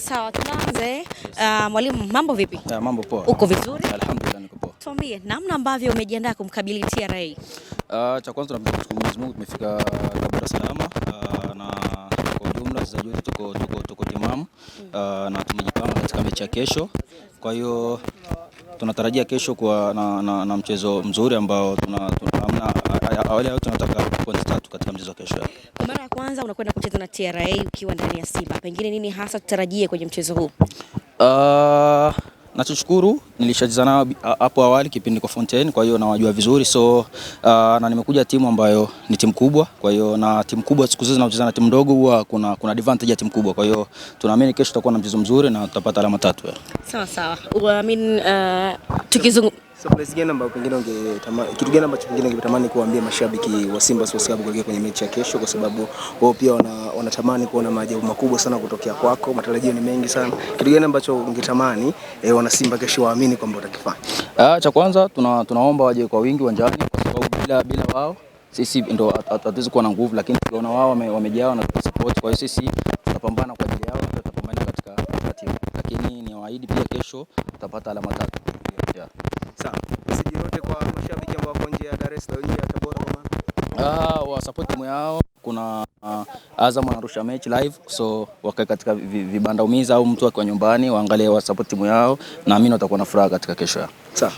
Sawa, tuanze. Uh, ah, mwalimu mambo vipi? mambo poa. Uko vizuri? Alhamdulillah niko poa. Tuambie namna ambavyo umejiandaa kumkabili TRA. Uh, ah, cha kwanza tunamshukuru Mwenyezi Mungu tumefika Tabora salama. Uh, na kwa ujumla wachezaji wetu tuko tuko tuko timamu. Uh, na tumejipanga katika mechi ya kesho. Kwa hiyo tunatarajia kesho kuwa na, na, na mchezo mzuri ambao tuna, awali ya tunataka pointi tatu katika mchezo wa kesho. Kwa mara ya kwanza unakwenda kucheza na TRA ukiwa ndani ya Simba, pengine nini hasa tutarajie kwenye mchezo huu? uh... Nachoshukuru nilishajiza nao hapo awali kipindi kwa Fontaine, kwa hiyo nawajua vizuri so uh, na nimekuja timu ambayo ni timu kubwa, kwa hiyo na timu kubwa siku zote zinacheza na timu ndogo huwa kuna, kuna advantage ya timu kubwa, kwa hiyo tunaamini kesho tutakuwa na mchezo mzuri na tutapata alama tatu. Sawa sawa. I mean, uh, tukizungumza Surprise gani ambayo pengine ungetamani, kitu gani ambacho pengine ungetamani kuambia mashabiki wa Simba Sports Club kuelekea kwenye mechi ya kesho, kwa sababu wao pia wanatamani kuona maajabu makubwa sana kutokea kwako, matarajio ni mengi sana. Kitu gani ambacho ungetamani e, wana Simba kesho waamini kwamba utakifanya? Ah, cha kwanza tuna, tunaomba waje kwa wingi uwanjani kwa sababu bila bila wao sisi ndo hatuwezi kuwa na nguvu, lakini tunaona wao wamejaa na support, kwa hiyo sisi tutapambana kwa ajili yao tutapambana katika katika timu, lakini niwaahidi pia kesho tutapata alama tatu. Sawa, kwa mashabiki ambao wako nje ya Dar es Salaam, ya Tabora Ah, uh, wasupport timu yao. Kuna uh, Azam anarusha mechi live, so wakae katika vibanda umiza au mtu akiwa nyumbani waangalie, wasupport timu yao, na naamini watakuwa na furaha katika kesho yao. Sawa.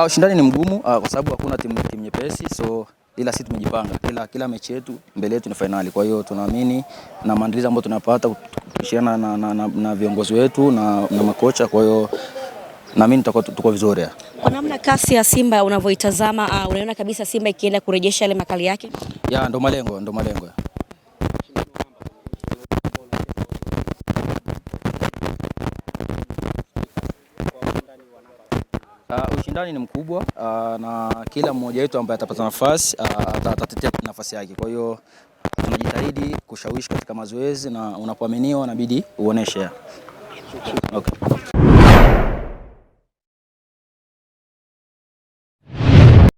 Uh, ushindani ni mgumu uh, kwa sababu hakuna timu timu nyepesi so ila sisi tumejipanga, ila kila mechi yetu mbele yetu ni fainali. Kwa hiyo tunaamini na maandalizi ambayo tunapata kushiana na, na, na, na viongozi wetu na, na makocha. Kwa hiyo naamini tuko vizuri. Kwa namna kasi ya Simba unavyoitazama, uh, unaona kabisa Simba ikienda kurejesha ile makali yake ya, ndo malengo ndo malengo Uh, ushindani ni mkubwa uh, na kila mmoja wetu ambaye atapata nafasi uh, atatetea nafasi yake. Kwa hiyo tunajitahidi kushawishi katika mazoezi na unapoaminiwa inabidi uoneshe. Okay.